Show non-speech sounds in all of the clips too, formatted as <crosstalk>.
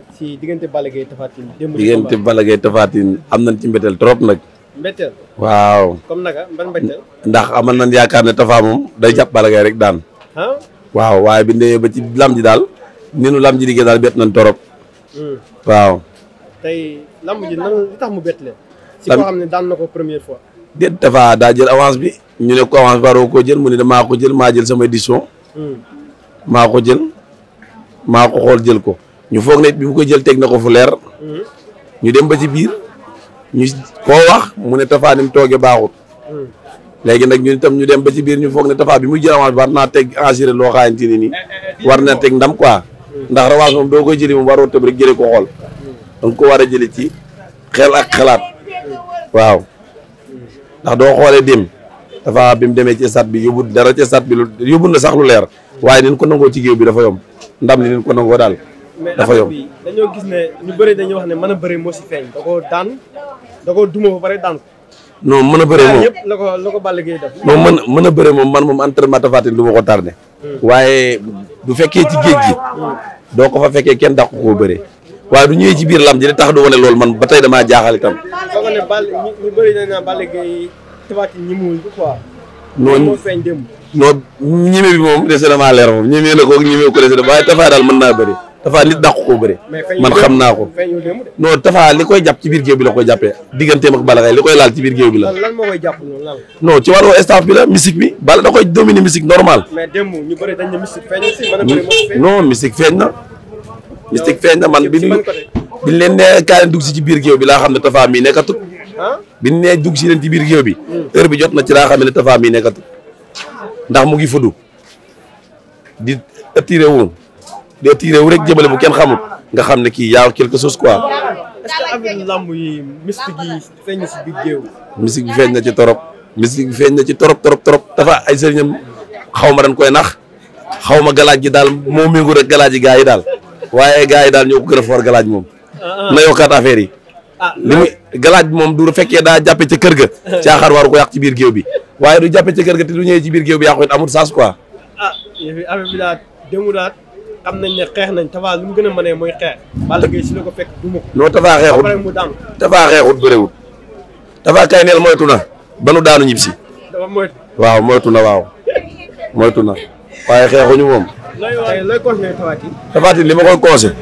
jàngat ci diggante Balla Gaye Tapha Tine. diggante Balla Gaye Tapha am nañ ci mbetteel trop nag. mbetteel. waaw comme naka ban mbetteel. ndax amal nañ yaakaar ne Tapha moom day jàpp Balla rek daan. waaw waaye bi ndee ba ci lam daal ni nu lam ji liggéey daal bet nañ trop. Hmm. waaw. tey lam mu bett leen. si ne daan na ko première fois. daa jël avance bi ñu ne ko avance waroo koo jël mu ne maa ko jël maa jël sama édition. Hmm. maa ko jël maa ko xool jël ko. ñu foog ne bi mu ko jël teg na ko fu leer. Mm-hmm. ñu dem ba ci biir ñu mu ne Tapha ni mu toogee baaxut. Mm-hmm. léegi nag ñun itam ñu dem ba ci biir ñu foog ne Tapha bi muy jël war naa teg assuré loo xamante ne nii. Eh, eh, eh, war na teg ndam quoi. Mm-hmm. ndax revanche moom doo koy jëli moom waroo tëb rek jëlee ko xool. danga ko war a jëli ci xel ak xalaat. waaw ndax doo xoolee dem Tapha bi mu demee ci stade bi yóbbu dara ci stade bi lu na sax lu leer. waaye nañ ko nangoo ci géew bi dafa yomb ndam li nañ ko nangoo daal. dafa yomb mais dañoo gis ne ñu bëri dañuy wax ne mën a bëri moo si feeñ. da koo daan da koo duma ba pare daan ko. non mën a bëri moom la la ko Balla def. non mën mën a bëri moom man moom entraînement ma Tine du ko ko tardé. Hmm. waaye bu fekkee ci géej gi. Hmm. doo ko fa fekkee kenn dàqu koo bëree. waaye du ñëwee ci biir lam ji di tax du wane loolu man ba tey damaa jaaxal itam. foog ne Balla ñu bëri dañ naan Balla Gaye Tapha Tine ñemewuñ ko quoi. noonu moo feeñ démb. non bi moom dese damaa leer moom ñeme na ko ñeme ko dese waaye Tapha mën naa bëri Tapha nit dàq koo man xam naa ko non Tapha li koy jàpp ci biir géew bi la koy jàppee digganteem ak bala Gaye li koy laal ci biir géew bi la lan moo koy jàpp loolu lan non ci wàllu staff bi la musique bi Balla da koy dominer musique normal mais démb ñu bëri dañ ne musique feeñ na non musique feeñ na mystique feeñ na man bi ñu biñ leen ne kaa leen dugg si ci biir géew bi laa xam ne Tapha mi nekkatut biñ ne dugg si leen ci biir géew bi hmm. heure bi jot na ci laa xam ne Tapha mii nekkatut ndax mu gi fudu di attiré dee tiiree wu rek jëmale bu kenn xamul nga xam ne kii yaa quelque chose quoi. est-ce que yi mystique yi feeñ na ci biir géew. mystique bi na ci torop. mystique bi feeñ na ci torop torop torop dafa ay sëriñam xaw ma dañ koy nax xaw ma galaaj gi daal moo méngóo rek galaaj yi gaa yi daal waaye gaa yi daal ñoo ko gën a for galaaj moom. Ah, ah. na yokkaat affaire yi. ah li muy galaaj bi moom du fekkee daa jàppe ca kër ga. <laughs> caaxaar waru ko yàq ci biir géew bi waaye du jàppe ca kër ga te du ñëwee ci biir géew bi yàqu it amul saas quoi. ah xam nañ ne xeex nañ Tapha lu mu gën a mënee mooy xeex. Balla Gaye si la ko fekk duma ko. non Tapha xeexut ba mu daan Tapha xeexut bëriwut. Tapha kay neel moytu na ba nu daanu ñib si. dafa moytu waaw moytu na waaw moytu na waaye xeexuñu moom. looy waay looy conseillé Tapha Tine. Tapha Tine li ma koy conseillé.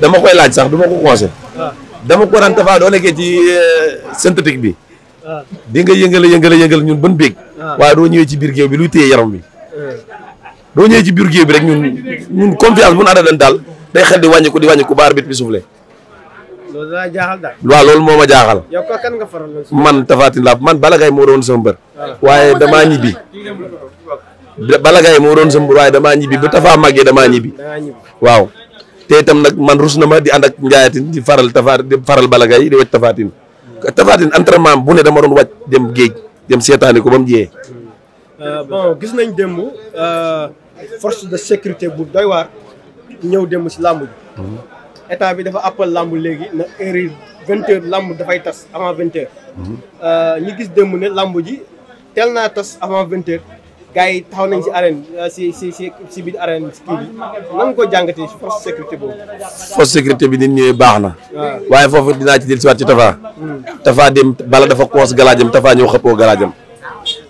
dama koy laaj sax du ma ko conseillé. Ah. dama ko daan Tapha doo nekkee ci euh, synthétique bi. Ah. di nga yëngale yëngale yëngal ñun ban béeg. Ah. waaye doo ñëwee ci biir géew bi luy téye yaram bi. doo ñëwee ci biir géew bi rek ñun confiance bu ñu ànda leen daal day xel di wàññi di wàññi ko baar bit bi soufflé. loolu laa jaaxal daal. loolu moo ma jaaxal. yow kan man Tapha Tine laa man Balla moo doon sama waaye damaa ñibbi. Balla moo doon sama waaye damaa ñibbi ba Tapha màggee damaa ñibbi. waaw te itam nag man rus na ma di ànd ak njaayatin di faral Tapha di faral Balla Gaye di wecc Tapha Tine. Tapha bu ne dama doon wàcc dem géej dem seetaani ko ba mu jiyee. Euh, gis nañ démb. Euh, force de sécurité bu doy waar ñëw dem si làmb ji mhm. état bi dafa àppal làmb léegi na heure yi vingt làmb dafay tas avant vingt heures mhm. euh, ñu gis démb ne làmb ji teel naa tas avant vingt heures yi taxaw nañ si arène si si si si biir arène si kii bi nan ko jàngatee si force sécurité boobu bi nit ñëwee baax na waaye foofu dinaa ci dellusiwaat ci Tafa hmm. Tafa dem bala dafa koos galaajam Tafa ñëw xëppoo galaajam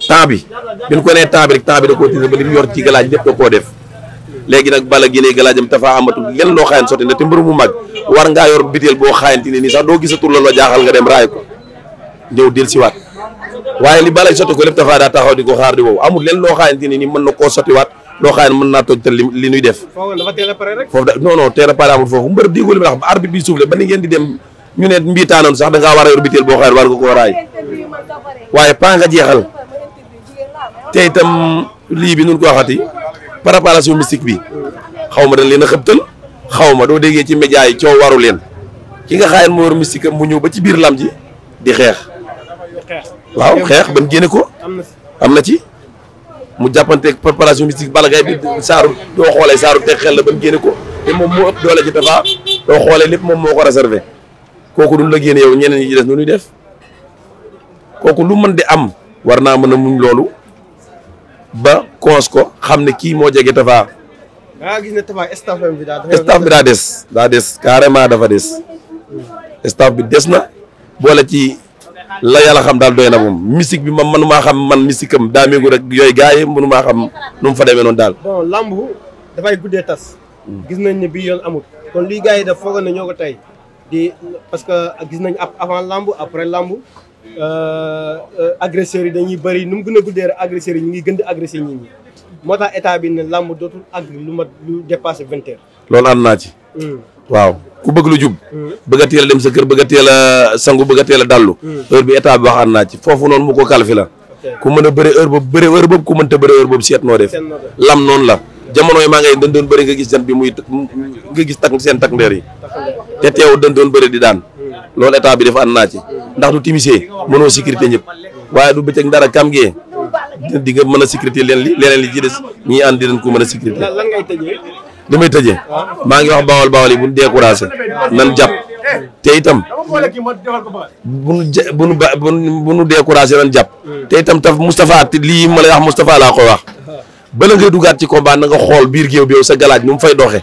temps bi bi ko nee temps bi rek temps bi da koo tiise ba li mu yor ci galaaj lépp da koo def léegi nag bala génnee galaajam dafa amatul lenn loo xaayaan sotti na te mu mag war nga yor biteel boo xaayanti ne nii sax doo gisatul la jaaxal nga dem raay ko ñëw del siwaat li balay sotti ko lépp dafa daa taxaw di ko xaar di wow amul lenn loo xaayante ne nii mën na koo sottiwaat loo a pare amul foofu mbër li ma wax ba arbitre bi suuf la ba ni ngeen di dem ñu ne mbiitaanoon sax da ngaa war a yor biteel boo xaayaan war nga koo raay waaye pa nga jeexal te itam lii bi nun ko waxati préparation mystique bi xaw ma dañ leen a xëptal xaw ma doo déggee ci média yi coow waru leen ki nga xaayal moo war mystique am mu ñëw ba ci biir lam ji di xeex waaw xeex ban génne ko am na ci mu jàppanteeg préparation mystique bala ngay bi saaru doo xoolee saaru teg xel la ban génne ko te moom moo ëpp doole ci Tapha doo xoolee lépp moom moo ko réservé kooku duñ la génne yow ñeneen yi ci des nu ñuy def kooku lu mën di am war naa mën a muñ loolu ba koos ko xam ne kii moo jege Tapha. ah gis na Tapha staff bi daa des. staff daa des daa carrément dafa des. staff bi des na boole ci la yàlla xam daal doy na moom musique bi man maa xam man musique daa méngoo rek yooyu gars yi mënumaa xam nu fa demee noonu daal. bon lamb dafay guddee tas. Hmm. gis nañ ne bii yoon amul. kon lii gars yi daf foogoon na ñoo ko tey di parce que gis nañ avant lamb après lamb Euh, agresseurs yi dañuy bëri nu mu gën a guddee agresseurs yi ñu ngi gën di agressé nit ñi moo tax état bi ne làmb dootul àgg lu mat lu dépassé loolu ànd naa ci. Hmm. waaw ku bëgg lu jub. Hmm. bëgg a teel dem sa kër bëgg a teel a sangu bëgg a teel a dallu. Hmm. heure bi état bi wax ànd naa ci foofu noonu mu ko calfi la. ku mën a bëre heure boobu bëre heure boobu ku mënta bëre heure boobu seet noo def. lam noonu la jamono yi maa ngay dën doon bëri nga gis jant bi muy nga gis tak seen tak ndeer yi. te teew dën di daan. loolu état bi def ànd naa ci ndax du timisee mënoo sécurité ñëpp waaye du bëccëg dara kam gee di nga mën a sécurité leen li leneen li ci des ñii ànd di leen ko mën a sécurité lan ngay tëjee li may maa ngi wax bawal bawal yi bu ñu jàpp itam bu nu je bu nu ba nu découragé nan jàpp te itam taf Moustapha te lii ma lay wax Moustapha laa koy wax bala ngay dugaat ci combat na xool biir géew bi yow sa galaaj nu mu fay doxee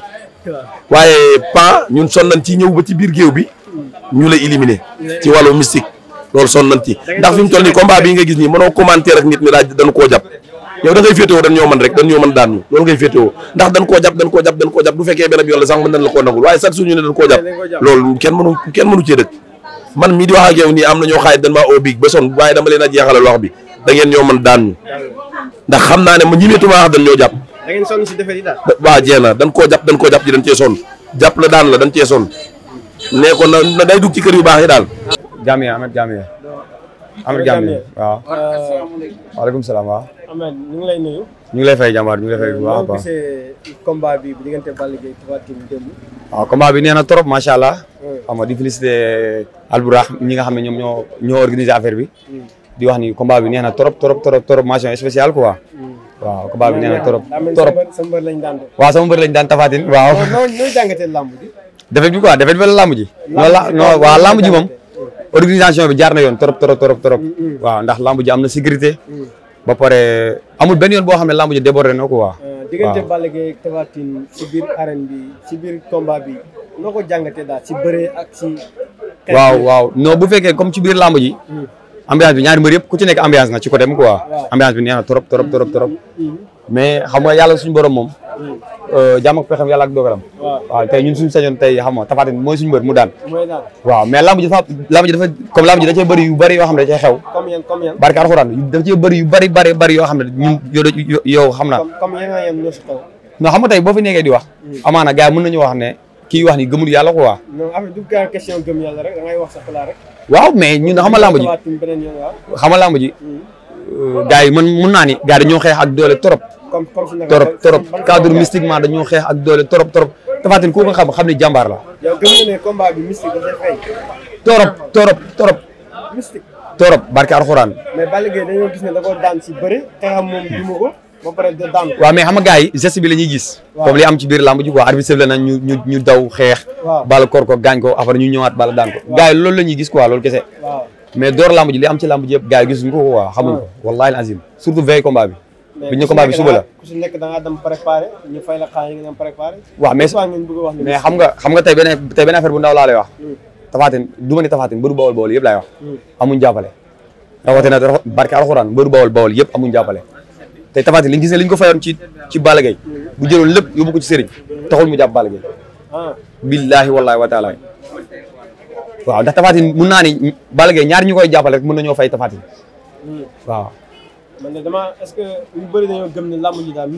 waaye pa ñun son nañ ci ñëw ba ci biir géew bi ñu la éliminer ci wàllu mystique loolu sonn nañ ci ndax fi mu toll nii combat bii nga gis nii mënoo commenter ak nit ñi daal dañ da ngay féetewoo dañ ñoo mën rek dañ ñoo mën daan ñu loolu ngay féetewoo ndax dañ koo jàpp dañ koo jàpp dañ koo jàpp du fekkee benn yoon la sax mën dañ la koo nangul waaye sax suñu ne dañ kenn mënu kenn man mii di wax nii am na ñoo xaay dañ maa oo biig ba son waaye dama leen a jeexalal wax bi da ngeen ñoo mën daan ñu ndax xam naa ne ma ñimeetuma wax dañ ñoo jàpp da ngeen sonn ci defet yi daal waaw jeex na dañ koo jàpp dañ koo jàpp ji dañ cee sonn jàpp la daan la dañ cee sonn nee ko na day dugg ci kër yu baax yi daal. Jamiya Ahmed Jamiya. Ahmed Jamiya waaw. waaleykum salaam waaw. ñu ngi lay nuyu. ñu ngi lay fay jàmbaar ñu ngi lay fay a baax. bi bu diggante Balla bi nee na trop macha allah. xam nga di féliciter Alburax ñi nga xam ne ñoom ñoo ñoo organisé affaire bi. di wax ni combat bi nee na trop trop trop trop mention spéciale quoi. waaw combat bi nee na trop. trop waaw sama mbër lañ daan def. defet bi quoi defet bi la làmb ji. non waaw làmb ji moom. organisation bi jaar na yoon trop trop trop trop. Mm, mm. waaw ndax làmb ji am na sécurité. Mm. ba pare amul benn yoon boo xam ne làmb ji débordé na quoi. Euh, diggante Balla Gaye ak Tapha Tine ci biir biir combat bi noo ko jàngatee daal ci bëree waaw waaw non bu fekkee comme ci biir làmb ji. ambiance bi ñaari mbër yëpp ku ci nekk ambiance na ci côté am quoi. ambiance bi neex na trop trop trop trop. mais xam nga yàlla suñu borom moom euh, jàmm ak pexam yàlla ak dogaram waaw ñun suñu sañoon xam nga Tapha Tine mooy suñu mbër mu daan waaw mais lamb ji dafa ji dafa comme lamb ji da cee bëri yu bëri yoo xam ne da cee xew barke alxuraan dafa cee bëri yu yoo xam ne ñun yow yow xam naa non xam nga tey boo fi nekkee di wax hmm. amaana na yi mën nañu wax ne kii wax ni gëmul yàlla quoi waaw mais ñun xam nga lamb ji xam nga ji hmm. Euh, gars yi man mun naa ni gars yi dañoo xeex ak doole trop. torop torop cadre mystiquement dañoo doole torop torop Tapha Tine ku ko xam xam ne jàmbaar la. yow gëm nga ne combat bi mystique dafay fay. torop torop barke alxuraan. mais Balla Gaye dañoo gis ne da koo ba pare da daan ko. waaw mais xam nga la ñuy gis. comme li am ci biir làmb ji quoi arbitre sëf la nañ ñu daw xeex. waaw kor ko gaañ ko après ñu ñëwaat Balla daan ko. gars yi la ñuy gis quoi loolu kese. mais door lamb ji li am ci lamb ji yëpp gars yi gisuñu ko waaw wallahi azim surtout veille combat bi bi ñu combat bi suba la ku si nekk da ngaa dem préparé ñu fay la xam nga xam nga tey benn tey benn affaire bu ndaw laa lay wax hmm. tafaatin du ma ni tafaatin mbëru bawol bawol yëpp laay wax hmm. amuñ jàppale rawatina barke alxuraan mbëru bawol bawol yëpp amuñ jàppale tey tafaatin liñ gis ne liñ ko fayoon ci ci Balla Gaye bu jëloon lépp yóbbu ko ci sëriñ taxul mu jàpp Balla Gaye ah. billaahi wallaahi wa taala waaw ndax Tapha Tine mun naa ni Balla Gaye ñaar ñu koy jàppale rek mën nañoo fay Tapha Tine hmm. waaw. man de damaa est-ce que ñu bëri dañoo gëm ne làmb ji daal koy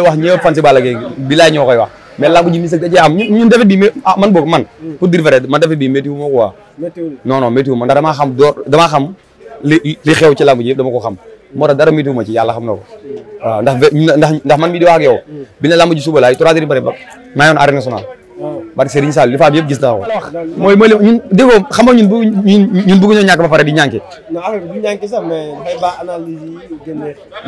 wax ñëpp fan si Balla Gaye ñoo koy wax mais làmb ji mystique da cee am ñun defet bi ah man boog man hmm. pour dire vrai man defet bi ma quoi non non ma ndax damaa xam door damaa xam li li xew ci làmb ji dama ko xam moo tax dara métti wu ma ci yàlla xam na ko hmm. waaw ndax ndax ndax man mii di wax ak yow bi ne làmb ji suba laay trois yi bëri ba maa yoon bari Serigne Sall li fa am yëpp gis naa ko mooy mooy ñun déggoo xam nga ñun bu ñun bëgg ñoo ba pare di ñànke non affaire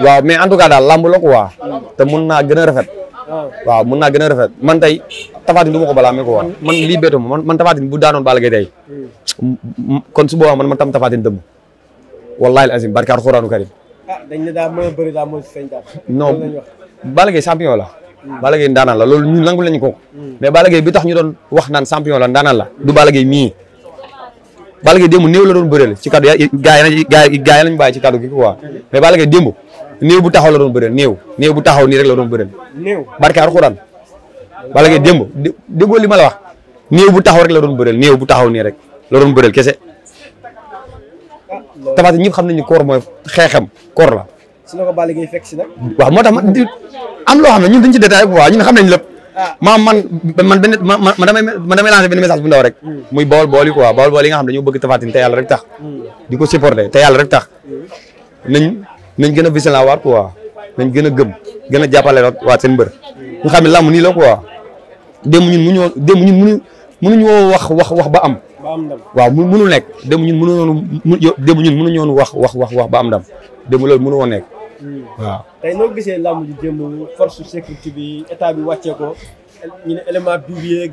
waaw mais en tout cas daal làmb la quoi hmm. te mun naa gën a rafet ah. waaw mun naa gën a rafet man tey Tafatine du ma ko balaa mee ko wax hmm. man lii béyatu ma man Tafatine bu daanoon Balla Gaye hmm. kon su boobaa man ma tam Tafatine dëmm wallahi alazim barkaar xuraanu karim ah dañ ne daal mën a bëri daal mooy si sëñ daal non la Mm. Balla Gaye ndaanaan la loolu ñun nangul lañu ko mm. mais Balla Gaye bi tax ñu doon wax naan champion la ndaanaan la du Balla Gaye mii Balla Gaye démb néew la doon bëreel ci kaddu gaa yi gaa yi lañu bàyyi ci kaddu gi quoi mais Balla Gaye démb néew bu taxaw la doon bëreel néew néew bu taxaw nii rek la doon bëreel barke Alxuraan Balla Gaye démb déggoo li ma la wax néew bu taxaw rek la doon bëreel néew bu taxaw nii rek la doon bëreel kese ah, Tapha Tine ñëpp xam nañu koor mooy xeexam koor la waaw moo tax am loo xam ne ñun dañ ci détaillé quoi ñun xam nañ lépp ah. maam man man benn ma ma damay man damay lancé benn message bu ndaw rek hmm. muy bool bool yi quoi bool bool yi nga xam dañoo bëgg Tapha Tine te yàlla rek tax hmm. di ko supporté te yàlla rek tax hmm. nañ nañ gën a vigilant waat quoi nañ gën gëm gën a jàppale waat seen mbër ñu xam ne làmb nii la quoi démb ñun mënuñoo démb ñun mu mënuñoo wax wax wax ba am waaw mënu nekk démb ñun mënuñoon démb ñun mënuñoon wax wax wax wax ba am ndam démb loolu mënu woon nekk waaw mm. tey noo gisee làmb ji jëm force sécurité bi état bi wàccee ko ñu ne élément bi bi yeeg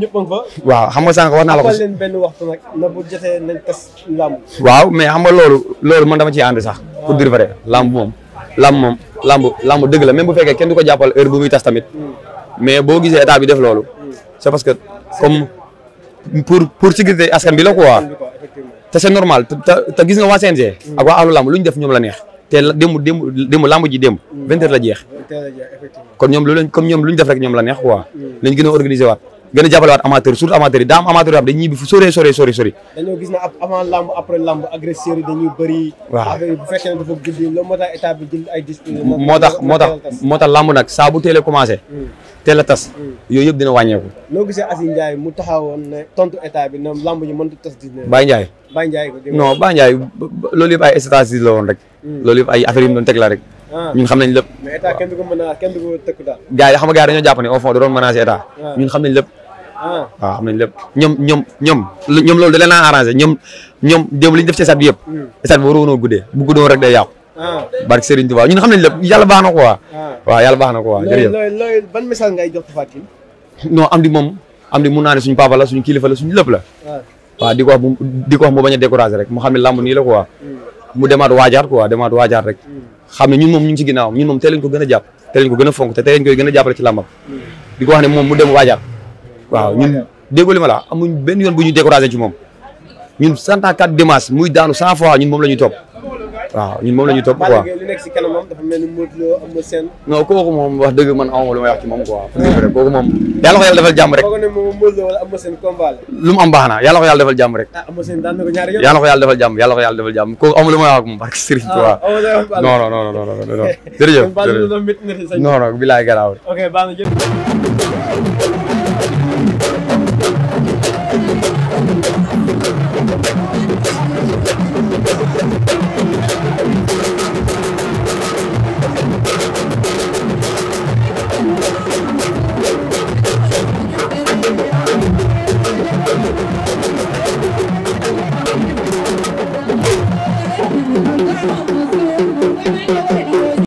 ñëpp a ngi waaw xam nga sànq wax naa la ko si benn waxtu nag na bu jotee nañ waaw mais xam nga loolu loolu man dama ciy ànd sax. pour dire vrai lamb moom. làmb moom làmb làmb dëgg la même bu fekkee kenn du ko jàppal heure bu muy tas tamit. Mm. mais boo gisee état bi def loolu. Mm. c'est parce que comme pour pour sécurité askan bi la quoi. te c'est normal te te gis nga waa CNG. ak waa Alu Làmb lu ñu def ñoom la neex. te démb démb démb lamb ji démb. Mm. vingt heures la jeex. kon ñoom lu leen comme ñoom lu ñu def rek ñoom la neex quoi. Mm. lañ gën a organiser waat. gën a jàppale waat amateur surtout amateur yi daa am amateur yoo xam dañ ñibbi fu sore sore yi dañuy bëri waaw bu fekkee ne dafa guddi loolu moo tax état bi jël ay moo tax moo tax moo tax lamb nag saa bu teel a commencé mm. teel a tas yooyu yëpp dina wàññeeku noo gisee Aziz Ndiaye mu taxawoon ne tontu état bi na lamb ji mënut a tas dix-neuf Baye Ndiaye Baye Ndiaye non Baye loolu yëpp ay statistiques la woon rek Hmm. loolu yëpp ay affaire yi mu doon teg la rek. Ah. ñun xam nañ lépp. mais état kenn du ko xam ne da doon menacer état. Ah. ñun xam nañ lépp. Ah. waaw xam nañ lépp ñoom ñoom ñoom da leen a arrangé ñoom ñoom li ñu def ci stade bi yëpp. Hmm. stade bi waroon a guddee bu guddoon rek day yàqu. barke Serigne Touba ñun xam nañ lépp yàlla baax na quoi. waaw baax na quoi jërëjëf. looy looy ban message ngay jox Fatim. non am di moom am di mun naa ne suñu papa la suñu kilifa la suñu lépp la. waaw di mu bañ a découragé rek mu xam ne làmb nii la quoi hmm. mu demaat waajaat quoi demaat waajaat rek xam ne ñun moom ñu ngi ci ginnaawam ñun moom teel lañ ko gën a jàpp ko gën a fonk te teel lañ koy gën a jàppale ci làmbam di moom mu dem waajaat waaw ñun déggoo li ma la amuñ benn yoon bu ñu découragé ci moom ñun 104 dimanche muy daanu a fois ñun moom la ñuy topp waaw ñun moom la ñuy topp quoi li nekk si kanamam dafa mel moom wax dëgg man awma lu may wax ci moom quoi. rek kooku am lu mu am baax na yàlla ko yàlla defal jàmm rek. ah am seen daan na ko ñaari yoon. yàlla ko yàlla defal jàmm yàlla ko moom barke Serigne Touba. Ah, non non non non non non jërëjëf. <laughs> jërëjëf non non